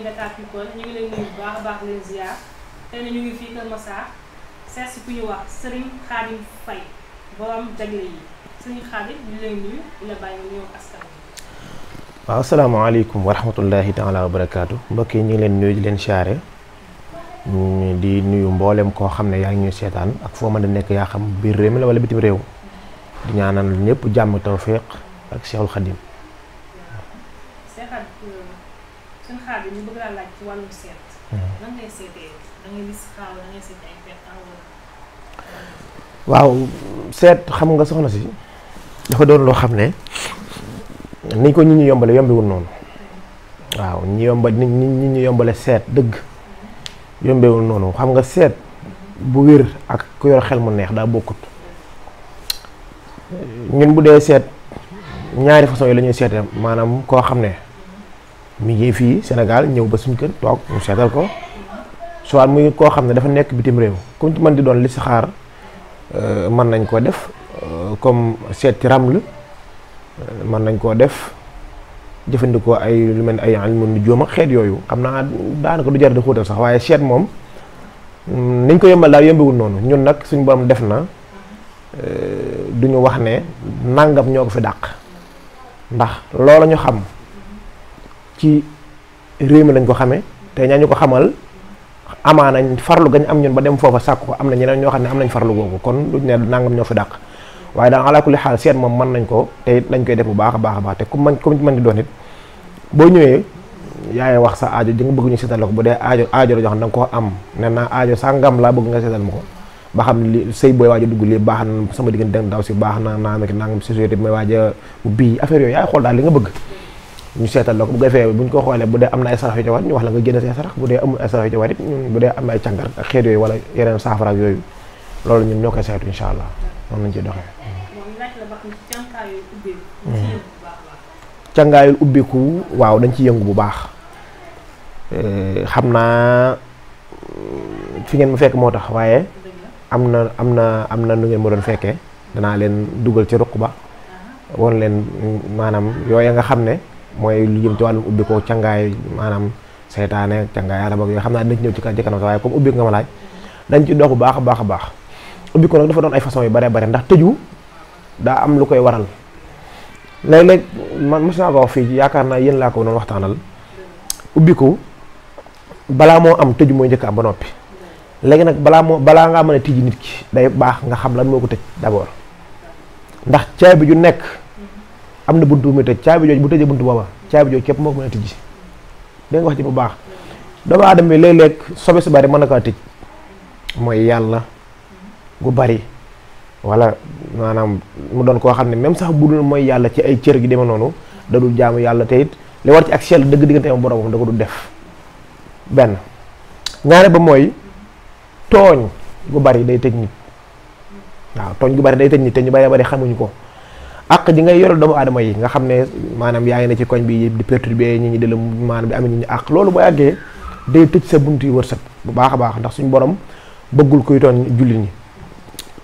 yi Dakar ñu ngi leen nuyu baax baax leen ziar tey ñu ngi fii Kër Massar seet si ku ñu wax Serigne Khadim Faye borom jagle yi Serigne Khadim ñu ngi nuyu waaw asalaamaaleykum wa rahmatullahi taala mbokk yi ñu leen nuyu di leen siyaare di nuyu mboolem koo xam ne yaa ngi ñuy seetaan ak foo mën a nekk yaa xam biir réew mi la wala bitim réew di ñaanal ñëpp jàmm tawfiq ak Cheikhul Khadim. Euh, Hmm. waaw seet xam nga soxna si dafa doon loo xam ne ni ko ñi ñu yombale yombewul noonu waaw ñi yomba ni ñi ñu yombale seet dëgg yombewul noonu xam nga seet bu wér ak ku yor xel mu neex daa bokkut ñun bu dee seet ñaari façon yi la ñuy maanaam koo xam ne mi ngi fii Sénégal ñëw ba suñ kër toog mu seetal ko soit muy koo xam ne dafa nekk bitim réew comme mën di doon listixaar euh, mën nañ koo def euh, comme seet ci raml mën nañ koo def jëfandikoo ay lu mel ni ay ilmu jóoma xeet yooyu xam naa daanaka du jar di xóotal sax waaye seet moom mm, niñ ko yombal daal yombewul noonu ñun nag suñu borom def na euh, duñu wax ne nangam ñoo ko fi dàq ndax loola ñu xam ci réew mi lañ ko xamee te ñaa ñu ko xamal amaana farlu gañ am ñun ba dem foofa sàkk ko am na ñeneen ñoo xam ne am nañ farlu googu kon duñ ne nangam ñoo fi dàq waaye daal alaakulli xaal seet moom man nañ ko te it lañ koy def bu baax a baax a baax te ku man ku mën di doon it boo ñëwee yaay wax sa aajo di nga bëgg ñu seetal la ko bu dee aajo aajo la jox na nga ko am ne naa aajo sàngam laa bëgg nga seetal ma ko ba xam li sëy booy waaj a dugg lii baax na sama diggante dang daw si baax na naa meki nangam société bi may waaj a ubbi affaire yooyu yaay daal li nga bëgg ñu seetal la ko bu ko bu ñu ko xoolee bu dee am na ay sarax yu ci war ñu wax la nga génn say sarax bu dee amul ay sarax yu ci war it ñun bu dee am na ay càngar ak xeet wala yeneen saafara yooyu loolu ñun ñoo koy seetu incha allah moom lañ ciy doxee. càngaayul ubbiku waaw dañ ci yëngu bu baax eh, xam naa mm, fi ngeen ma fekk moo tax waaye am na am na am na nu ngeen ma doon fekkee danaa leen dugal ci ruq ba woon leen mm, maanaam yooya nga xam ne. mooy lu jëm ci wàllum ubbi cangaay maanaam seytaane cangaay arab ak yooyu xam naa dinañ ci ñëw ci kanam ci kanam waaye comme ubbi nga ma laaj dañ ci dox bu baax a baax a baax ubbi nag dafa doon ay façon yu bare bare ndax tëju daa am lu koy waral léeg-léeg man mos naa ko fii yaakaar naa yéen laa ko doon waxtaanal ubbi balaa moo am tëju mooy njëkk am ba noppi léegi nag balaa moo balaa ngaa mën a tijji nit ki day baax nga xam lan moo ko tëj d'abord ndax caabi nekk am na buntu bu muy tëj caabi jooju bu tëjee buntu booba caabi jooju képp moo ko mën a tijji dégg wax ci bu baax doomu aadama bi léeg-léeg sobe su bari mën na kaa tëj mooy yàlla gu bari wala maanaam mu doon koo xam ne même sax bu dul mooy yàlla ci ay cër gi demee noonu da dul jaamu yàlla te it li war ci ak sell dëgg diggante am boromam da ko du def benn ñaare ba mooy tooñ gu bari day tëj nit waaw tooñ gu bari day tëj nit te ñu bari bari xamuñu ko àq ji ngay yoral doomu aadama yi nga xam ne maanaam yaa ngi ne ci koñ bi di perturber ñi ñi di la maanaam di am ñi ñu àq loolu boo yàggee day tëj sa bunt yi wërsëg bu baax a baax suñu borom bëggul kuy toon julli ñi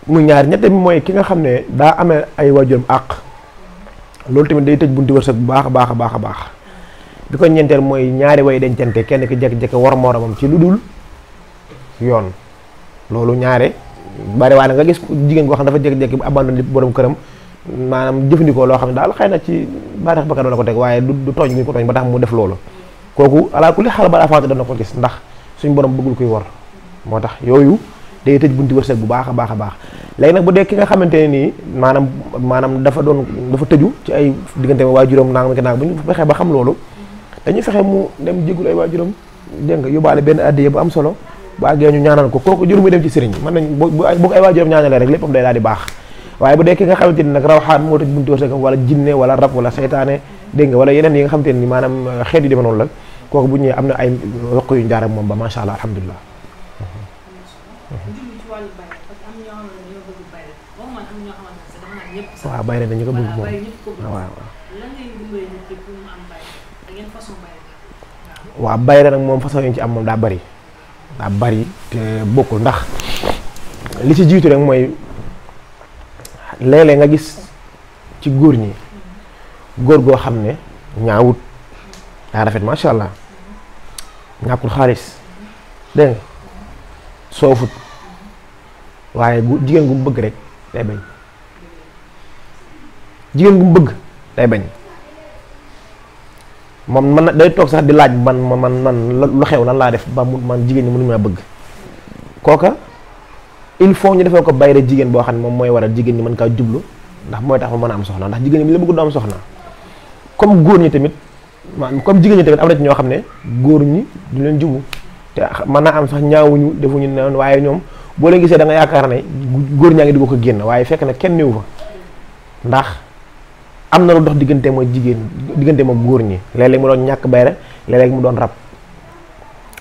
mu ñaar ñette mooy ki nga xam ne daa amee ay waajuram àq loolu tamit day tëj buntu wërsëg bu baax a baax a baax a baax bi ko ñeenteel mooy ñaari way dencante kenn ki jekk-jekke war moromam ci lu dul yoon loolu ñaare bari waa nga gis jigéen koo xam dafa jekk-jekk abandon li borom këram maanaam jëfandikoo loo xam ne daal xay na ci baareex bakkan la ko teg waaye du tooñ gi ko tooñ ba tax mu def loolu kooku alaa kulli xaal ba afanté dana ko gis ndax suñ borom bëggul koy war moo tax yooyu day tëj bunti wërsëg bu baax a baax a baax léegi nag bu dee nga xamante ne nii maanaam maanaam dafa doon dafa tëju ci ay diggante waajuram nangam ak nangam bu ñu fexee ba xam loolu dañuy fexe mu dem jégul ay waajuram dégg nga yóbbaale benn addiya bu am solo bu àggee ñu ñaanal ko kooku jur muy dem ci sëriñ mën nañ bu ay waajuram ñaanalee rek léppam day daal di baax waaye bu dee ki nga xamante ni nag rawxaan moo tëj wala jinne wala rab wala saytaane dégg nga wala yeneen yi nga xamante ni maanaam euh, xeet yu demee noonu la kooku bu ñëwee am na ay roq yu njaaram moom ba macha allah alhamdulilah. waaw bayre dañu ko bëgg moom waaw waaw. nag moom façon yi ci am moom daa bari daa bari te bokkul ndax li ci jiitu rek mooy. léeg nga gis ci góor ñi góor goo xam ne ñaawut daa rafet macha allah ñàkkul xaalis dégg nga soofut waaye bu jigéen gu bëgg rek day bañ jigéen gu bëgg day bañ moom man day toog sax di laaj man man man lu xew lan laa def ba mu man jigéen ñi mënuñu maa bëgg kooka. il faut ñu defee ko bayre jigéen boo xam ne moom mooy a jigéen ñi mën kaa jublu ndax mooy tax mu a am soxna ndax jigéen ñi la bëgg du am soxna comme góor ñi tamit maanaam comme jigéen ñi am na ñoo xam ne góor ñi du leen jublu te mën naa am sax ñaawuñu ñu ne waaye ñoom boo leen gisee da yaakaar ne góor ñaa ngi di ko génn waaye fekk na kenn néew fa ndax am na lu dox diggante ma jigéen diggante ma góor ñi léeg-léeg mu doon ñàkk bayre léeg-léeg mu doon rab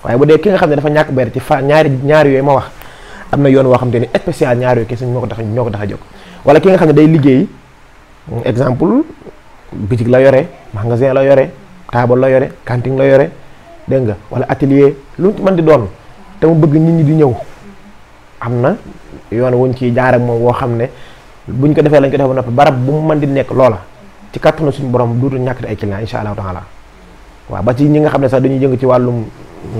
waaye bu dee ki nga xam ne dafa ñàkk bayre ci fa ñaari ñaari yooyu ma wax am na yoon woo xam te ni spécial ñaar yooyu kese ñoo ko tax ñoo ko a jóg wala ki nga xam ne day liggéey exemple bitig la yore magasin la yore taabal la yore cantine la yore dégg nga wala atelier lu ci mën di doon te mu bëgg nit ñi di ñëw am na yoon wuñ ciy jaar ak moom woo xam ne bu ñu ko defee lañ ko def ba noppi barab bu mu mën di nekk loola ci kattanu suñu borom duutu ñàkkati ay clients incha allahu taala waaw ba ci ñi nga xam ne sax dañuy jëng ci wàllum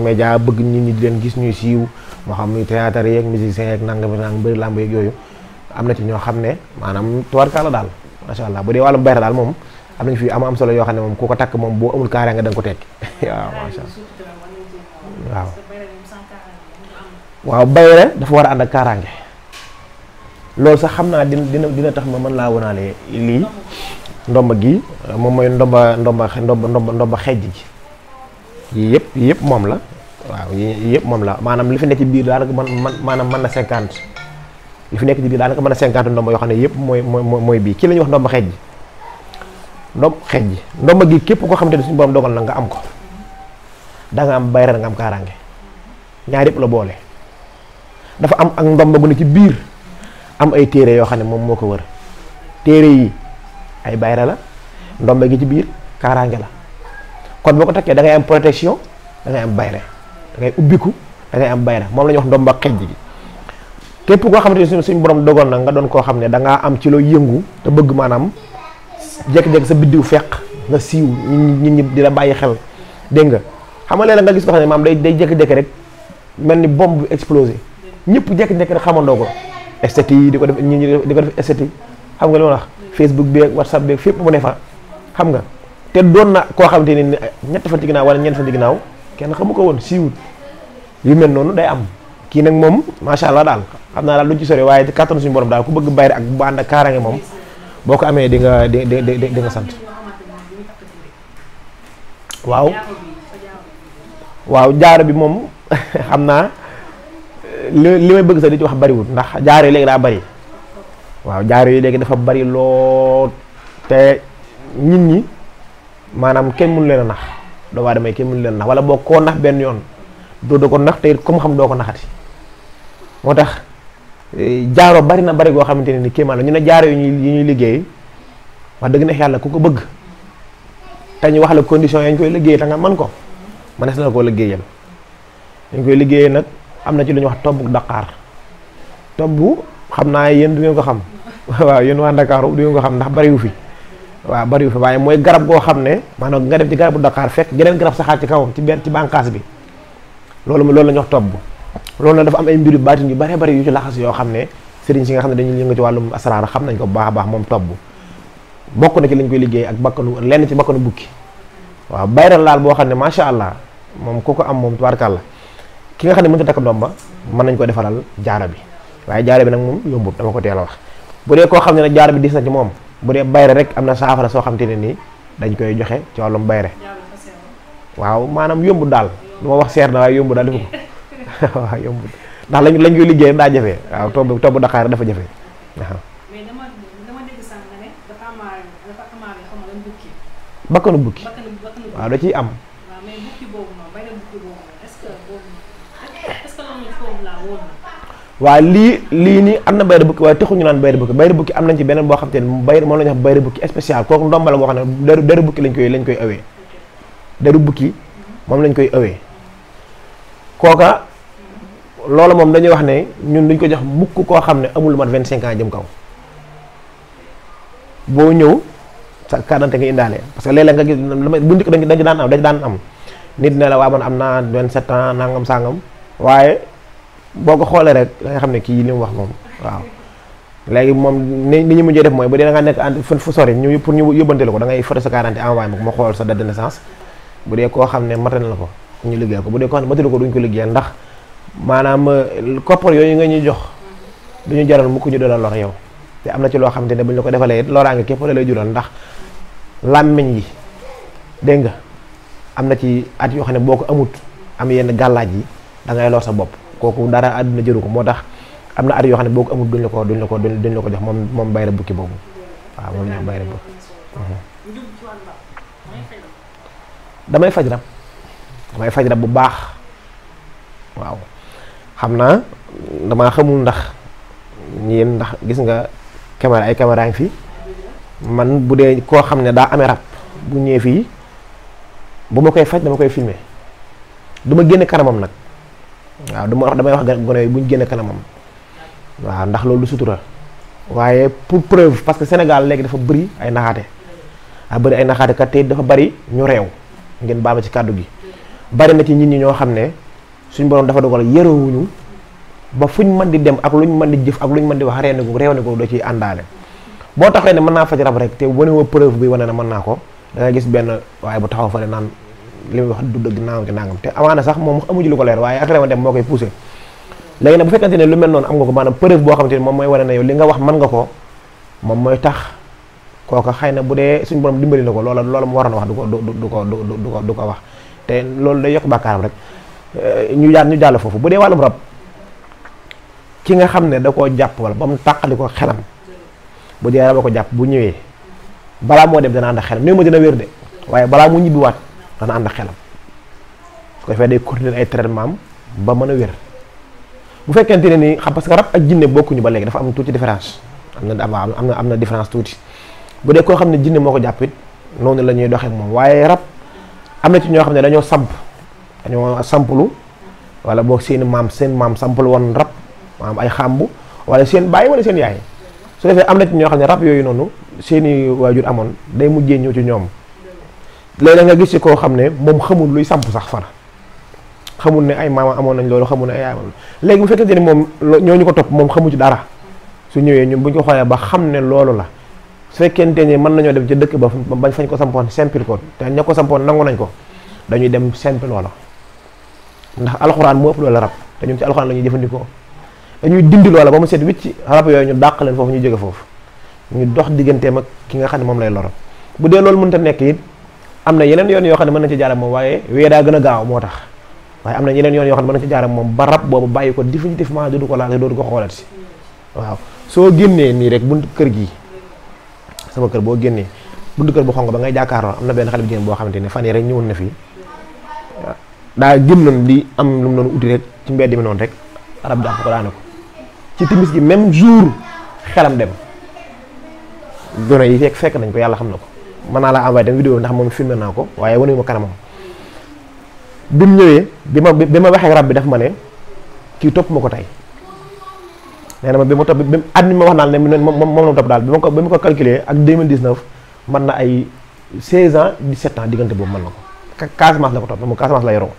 média bëgg nit ñi di leen gis ñuy siiw moo xam muy théâtre yeeg musiciens yeeg nangam ak nangam bëri làmb yeeg yooyu am na ci ñoo xam ne maanaam tubarkalla daal macha allah bu dee wàllum bayra daal moom am nañu fi am am solo yoo xam ne moom ku ko takk moom boo amul kaara ko tekki waaw macha allah waaw. dafa war a ànd ak kaaraange loolu sax xam naa dina dina dina tax ma man laa wanaale lii ndomba gi moom mooy ndomba ndomba ndomba ndomba xejj gi yii yëpp yëpp moom la waaw yii yëpp moom la maanaam li fi nekk ci biir daanaka man man maanaam mën na cinquante li fi nekk ci biir daanaka man na cinquante ndomba yoo xam ne yëpp mooy mooy mooy bii kii la ñuy wax ndomba xeej ji ndom xeej ji ndomba gi képp koo xamante ne suñu borom dogal na nga am ko da nga am bayra nga am kaaraange ñaar yëpp la boole dafa am ak ndomba gu ne ci biir am ay téere yoo xam ne moom moo ko wër téere yi ay bayra la ndomba gi ci biir kaaraange la kon boo ko takkee dangay am protection da ngay am bayra da ubbiku da am am bayra moom la wax ndomba xejj gi képp koo xamante ne suñ suñ borom dogoon na nga doon koo xam ne da am ci yëngu te bëgg maanaam jékki sa biddiw feq nga siiw ñi ñi di la bàyyi xel dégg nga xam nga léeg nga gis ko day day jékki-jékki rek mel ni bombe bu explosé ñëpp jékki-jékki xamandoo ko esthéti yi di ko def ñi ko def xam nga li ma wax Facebook bi ak WhatsApp bi fépp mu ne xam nga te doon na koo xamante ne ñett fan ci ginnaaw wala ñeent fan ci ginnaaw kenn xamu ko woon siiwut yu mel noonu day am kii nag moom macha allah daal xam naa daal lu ci sore waaye kattan suñu borom daal ku bëgg bayre ak bu ànd ak kaaraange moom boo ko amee di nga di nga sant waaw jaaro bi moom xam naa li li may bëgg sax di ci wax bariwul ndax jaaro yi léegi daa bari waaw jaaro yi léegi dafa bari lool te nit ñi maanaam kenn mënu leen a nax doomu aadama yi kenn mënu leen a nax wala boo koo nax benn yoon doo doo ko nax te comme xam doo ko naxati moo tax eh, jaaro bari na bari goo xamante ne ni la ñu ne jaaro yu ñuy ñuy liggéey wax dëgg neex yàlla ku ko bëgg te ñu wax la condition yañ koy liggéey te nga mën ko mënees na la koo liggéeyal dañ koy liggéeyee nag am na ci lu ñu wax tobb Dakar tobb xam naa yéen du ngeen ko xam waaw yéen waa Ndakaaru du ngeen ko xam ndax bariwu fi waaw bariwu fi waaye mooy garab goo xam ne maanaam nga def ci garabu Dakar fekk geneen garab saxaar ci kawam ci benn ci bànqaas bi loolu loolu la ñu wax tobb loolu nag dafa am ay mbir yu baatin yu bare bari yu ci laxas yoo xam ne sëriñ si nga xam ne dañuy yëngu ci wàllum asraar xam nañ ko bu baax a baax moom tobb bokk na ci lañ koy liggéey ak bakkanu lenn ci bakkanu bukki waaw bayral laal boo xam ne macha allah moom ku ko am moom tubaarkàlla ki nga xam ne mënut a takk ndomba mën nañ ko defaral jaara bi waaye jaara bi nag moom yombut dama ko teel a wax bu dee koo xam ne nag jaara bi dis na ci moom bu dee bayre rek am na saafara soo xam ne nii dañ koy joxe ci wàllum bayre waaw maanaam yombut daal lu ma wax seer na waaye yomb daal defu ko waaw yomb ndax lañ lañ koy liggéey daa jafe waaw togg togg Dakar dafa jafe waaw. bukki. bakkanu ciy am. waaw mais bukki boobu noonu bay na bukki boobu est-ce que boobu est-ce lii lii nii am na bayra bukki waaye taxuñu naan bayra bukki bayra bukki am nañ ci beneen boo xam te ne bayra moom la ñuy wax bayra bukki spécial kooku ndombal boo xam ne deru deru bukki lañ koy lañ koy awee deru bukki moom lañ koy awee kooka loolu moom dañuy wax ne ñun duñ ko jox mukk koo xam ne amul lu mat vingt cinq ans jëm kaw boo ñëw sa carte d'identité nga indaale parce que léeg-léeg nga gis bu njëkk dañ daan dañ daan am nit ne la waa man am naa vingt sept ans nangam sangam waaye boo ko xoolee rek da nga xam ne kii li mu wax moom waaw léegi moom ni ni ñu mujjee def mooy bu dee da nga nekk ànd fu sori ñu pour ñu yóbbante la ko da ngay sa carte d'identité ma ko ma xool sa date de naissance dee koo xam ne matal la ko ñu liggéey ko bu dee ko xam ne matalu ko duñ ko liggéeyal ndax maanaam euh, koppar yooyu nga ñuy jox duñu jaral mukk ñu doon lor yow te am na ci loo xamante ne bu ñu la ko defalee it loraange képp la lay jural ndax làmmiñ yi dégg nga am na ci at yoo xam ne boo ko amut am yenn gàllaaj yi da ngay sa bopp kooku dara àdduna jëru ko moo tax am na at yoo xam ne boo ko amut duñ la ko duñ la ko duñ la ko jox moom moom bayra bukki boobu waaw moom ñoo bayra bukki damay faj damay faj rab bu baax waaw xam naa damaa xamul ndax yéen ndax gis nga caméra ay caméra fii man bu dee koo xam ne daa amee rab bu ñëwee fii bu ma koy faj dama koy filmer du ma génn kanamam nag waaw dama wax damay wax gone yi bu ñu génn kanamam waaw ndax loolu sutura waaye pour preuve parce que Sénégal léegi dafa bëri ay naxaate a ah, bëri ay naxaate kat te dafa bari ñu reew ngeen baal ci kàddu gi bari na ci nit ñi ñoo xam ne suñu borom dafa dogal yërewuñu ba fuñ mën di dem ak luñ mën di jëf ak luñ mën di wax reew gu reew ne ko doo ciy àndaale boo taxee ne mën naa faj rab rek te wane woo preuve bi wane ko da gis benn waaye bu taxaw fa ne naan li muy wax du dëgg nangam ci nangam te amaana sax moom amuji lu ko leer waaye ak reew moo koy poussé léegi nag bu ne lu mel noonu am nga ko maanaam preuve boo xamante ne moom mooy wane ne yow li nga wax nga ko moom mooy tax kooka na bu dee suñu borom dimbali na ko loola loola mu waroon wax du ko du ko du ko du ko wax te loolu day yokk bàkkaaram rek eh, ñu jaar ñu jàll foofu bu dee wàllum rab ki nga xam ne da koo jàpp wala ba mu tàqali ko xelam bu dee raba ko jàpp bu ñëwee balaa moo dem dana ànd ak xelam ma dina wér de waaye balaa mu ñibbiwaat dana xelam su ko defee ay traitement ba mën a wér bu fekkente ne ni xam parce que rab ak jinne bokkuñu ba léegi dafa am tuuti différence am na am na am na différence tuuti bu dee koo xam ne jinne moo ko jàpp it noonu la ñuy doxee moom waaye rab. am na ci ñoo xam ne dañoo samp dañoo samplu wala boog seen maam seen maam samplu woon rab maam ay xàmbu wala seen bàyyi wala seen yaay su defee am na ci ñoo xam ne rab yooyu noonu seeni waajur amoon day mujjee ñëw ci ñoom léegi nga gis ci koo xam ne moom xamul luy samp sax far xamul ne ay maam amoon nañ loolu xamul ne ay amoon léegi bu fekkente ni moom ñoo ñu ko topp moom xamu ci dara su ñëwee ñu bu ko xoolee ba xam ne loolu la su fekkente ne mën nañoo dem ci dëkk ba bañ fañ ko sampoon simple ko te ña ko sampoon nangu nañ ko dañuy dem simple loola ndax alxuraan moo ëpp loola rab te ñun ci alxuraan la ñuy jëfandikoo dañuy dindi loola ba mu set wicc rab yooyu ñu dàq leen foofu ñu jege foofu ñu dox digganteem ak ki nga xam ne moom lay loro bu dee loolu mënta nekk it am na yeneen yoon yoo xam ne mën nañ ci jaara moom waaye wee daa gën a gaaw moo tax waaye am na yeneen yoon yoo xam ne mën nañ ci jaara moom ko définitivement dootu ko laal dootu ko xoolati waaw soo nii rek buntu kër gi sama kër boo génnee bunt kër bu xonq ba ngay jàkkaarloo am na benn xale bu jigéen boo xamante ne fan yii rek ñëwoon na fii daa génnoon di am lu mu doon uti rek ci mbedd mi noonu rek arab jàpp ko daane ko ci timis gi même jour xelam dem gone yi fekk fekk nañ ko yàlla xam na ko mën naa laa envoyé dem vidéo ndax moom filmé naa ko waaye wane ma kanamam bi mu ñëwee bi ma bi ma waxee rab bi daf ma ne kii topp ma ko tey nee na ma bi ma topp bi at mi ma wax naan ne moom moom la topp daal bi ma ko bi ma ko calculé ak 2019 na ay 16 ans 17 ans diggante boobu mën na ko Casamance la ko topp moom Casamance la yoroo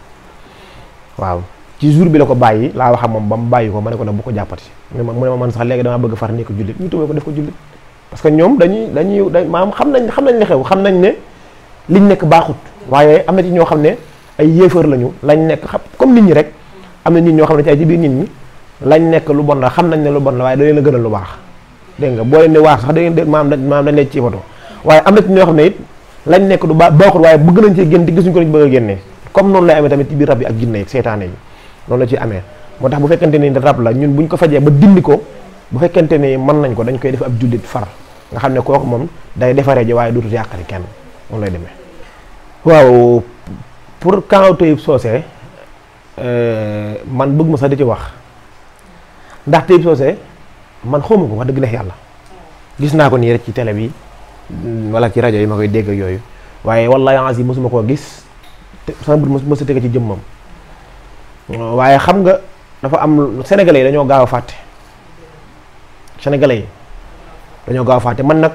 waaw ci jour bi la ko bàyyi laa wax ak moom ba mu bàyyi ko ma ne ko nag bu ko jàppati mu ne ma man sax léegi damaa bëgg far nekk jullit ñu tuubee ko def ko jullit parce que ñoom dañuy dañuy da maam xam nañ xam nañ li xew xam nañ ne liñ nekk baaxut waaye am na ci ñoo xam ne ay yéefar lañu lañ nekk comme nit ñi rek am na ñoo xam ne ci ay biir nit ñi lañ nekk lu bon la xam nañ ne lu bon la waaye da leen a gënal lu baax dégg nga boo leen di waax sax da maam maam dañ leen ci foto waaye am na ci ñoo xam ne it lañ nekk du baax baaxul waaye bëgg nañ cee génn te gisuñu ko lañ bëgg a génnee comme noonu lay amee tamit ci biir rab yi ak jinne yi seytaane yi noonu la ci amee moo tax bu fekkente ni rab la ñun buñ ko fajee ba dindi ko bu fekkente ni man nañ ko dañ koy def ab jullit far nga xam ne kooku moom day defaree ji waaye dootul yàqali kenn moom lay demee waaw pour quand Taib euh, man bëgg sax di ci wax ndax Taib Socé man xawma ko wax dëgg neex yàlla gis naa ko nii rek ci tele bi mm, wala ci rajo yi ma koy dégg yooyu waaye wallahi yi masuma koo gis te sama bët mos a tege ci jëmmam waaye xam nga dafa am sénégalais yi dañoo gaaw a fàtte sénégalais yi dañoo gaaw fàtte man nag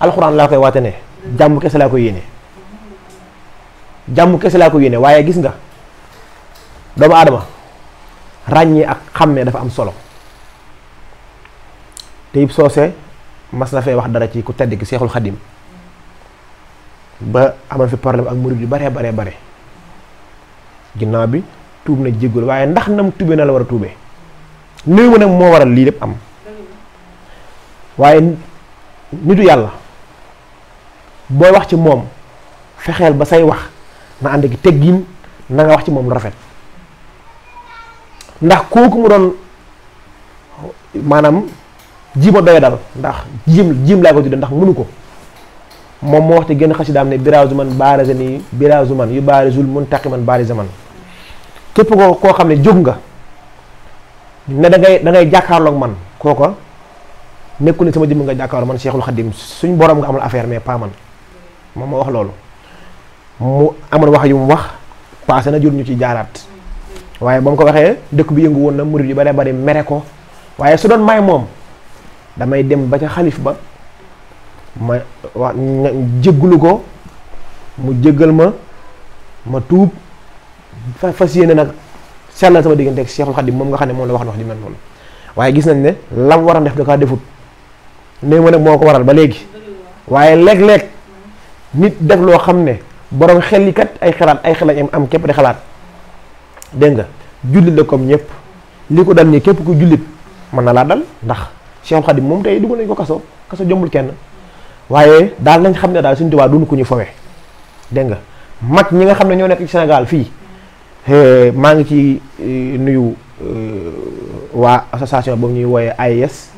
alxuraan laa koy waate ne jàmm kese laa ko yéene jàmm kese laa ko yéene waaye gis nga doomu aadama ràññee ak xàmmee dafa am solo te yib soose mas na fee wax dara ci ku tedd ki seexul xadim ba amal fi problème ak murid yu baree bare bare ginnaaw bi tuub na jéggul waaye ndax nam tuube na la war a tuube néew ma nag moo waral lii lépp am waaye nitu yàlla booy wax ci moom fexeel ba say wax na ànd ak teggin na wax ci moom rafet ndax kooku mu doon maanaam jiima doya dal ndax jiim jiim laa ko tudde ndax mënu ko moom moo wax te gën xasidaam ne biraasu man baarase nii biraasu man yu baarisul mun taqi man baari man képp ko koo xam ne jóg nga ne da ngay da ngay jàkkaarloog man kooka nekku ne sama jëmm nga jàkkaarloo man Cheikhul Khadim suñ borom nga amal affaire mais pas man moom moo wax loolu mu amoon wax yu mu wax passé na jur ñu ci jaaraat waaye ba mu ko waxee dëkk bi yëngu woon na murid yu bare bari mere ko waaye su doon may moom damay dem ba ca xalif ba ma wa jéggulu ko mu jéggal ma ma tuub fa fas yéene nag sellal sama diggante ak Seexul Xadim moom nga xam ne moom la wax na wax ji mel noonu waaye gis nañ ne lam war a def da kaa defut néew ma nag moo ko waral ba léegi waaye léeg-léeg nit def loo xam ne borom xel yi kat ay xalaat ay xel lañ am képp di xalaat dégg nga jullit la comme ñëpp li ko dal nii képp ku jullit mën na laa dal ndax Cheikh Khadim moom tey dugg nañ ko kaso kaso jombul kenn waaye daal nañ xam ne daal suñu waa duñu ko ñu fowe dégg nga mag ñi nga xam ne ñoo nekk ci Sénégal fii maa ngi ci e, nuyu e, waa association boobu ñuy wooyee yes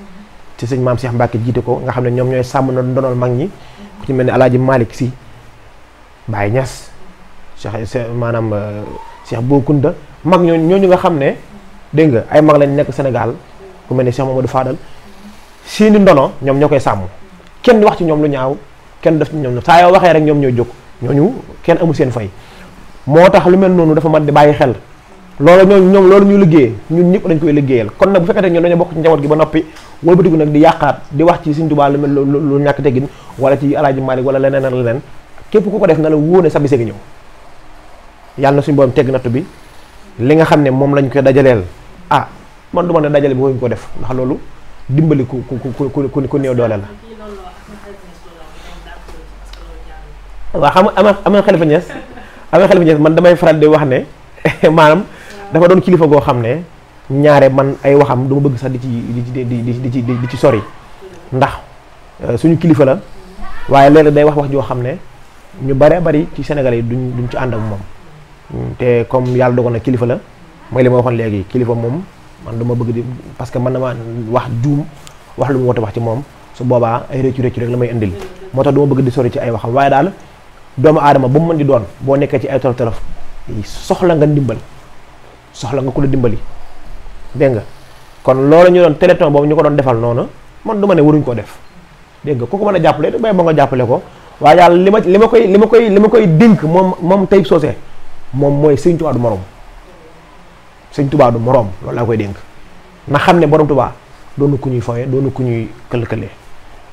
ci sëñ maam seex Mbacke jiite ko nga xam ne ñoom ñooy sàmm na ndonal mag ñi ku ci mel ni Alaaji malik Si Baye Niass Cheikh maanaam e, Cheikh Bou Kounta mag ñooñu ñooñu nga xam ne dégg nga ay mag lañ nekk Sénégal ku mel ne Cheikh Mamadou Fadal seeni ndono ñoom ñoo koy sàmm kenn wax ci ñoom lu ñaaw kenn def ci ñoom saa waxee rek ñoom ñooy jóg ñooñu kenn amu seen fay moo tax lu mel noonu dafa mat di xel loolu loolu ñu liggéey ñun ñëpp dañ koy liggéeyal kon nag bu fekkee ñun dañoo bokk ci njaboot gi ba noppi wëlbatiku nag di yàqaat di wax ci Sëriñ lu mel lu ñàkk wala ci Alaaji Maalik wala leneen a leneen képp ku ko def na la wóone sa bise ñëw yàlla na suñu borom tegg nattu bi li nga xam ne moom lañ koy dajaleel ah man du ma ne dajale bi ko def ndax loolu dimbali ku ku ku ku néew doole la. waaw xam nga ama xalifa ñees ama xalifa ñees man damay faral di wax ne maanaam dafa doon kilifa goo xam ne ñaare man ay waxam du bëgg sax di ci di ci di ci di ci sori ndax euh, suñu kilifa la waaye léeg day wax wax joo xam ne ñu bare bari ci Sénégal yi duñ duñ ci ànd ak moom. te comme yàlla dogal na kilifa la mooy li ma waxoon léegi kilifa moom man du ma bëgg di parce que man dama wax juum wax lu mu woote wax ci moom su boobaa ay rëccu rëccu rek la may indil moo tax du bëgg di sori ci ay waxam waaye daal doomu aadama ba mu mën di doon boo nekkee ci ay tolof tolof soxla nga ndimbal soxla nga ku la dimbali dégg nga kon loolu ñu doon téléthon boobu ñu ko doon defal noonu man du ma ne waruñ koo def dégg nga ku ko mën a jàppale bay ba jàppale ko waaye daal li ma li ma koy ma koy li ma koy dénk moom moom Taib Socé moom mooy sëñ tubaa du moroom sëñ tubaa du moroom loolu laa koy dénk na xam ne borom tubaa doonu ku ñuy fooye doonu ku ñuy kël-këlee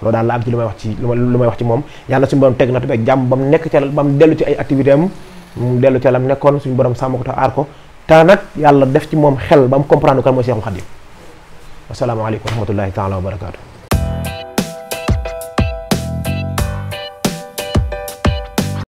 loolu daal la am ci lu may wax ci lu may wax ci moom yàlla suñu borom teg na tubeg jàmm ba mu nekk ca ba mu dellu ci ay activité mu dellu ca lam nekkoon suñu borom sàmm ko te aar ko te nag yàlla def ci moom xel ba mu comprend kan mooy Seexul Xadiim asalaamaaleykum wa rahmatullahi taala wa barakaatu